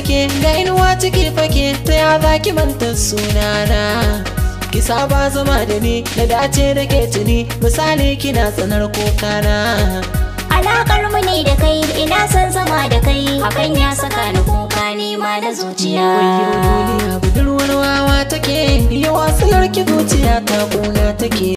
sake da inuwa ciki fake ta ya za ki manta sunana ki saba zama da ni da dace da ke tuni misali kina tsanar kana Alakar mu ne da kai ina son zama da kai hakan ya saka ni kuka ma da zuciya Wayo duniya budurwar wawa take Yawa wasu ki zuciya ta kuna take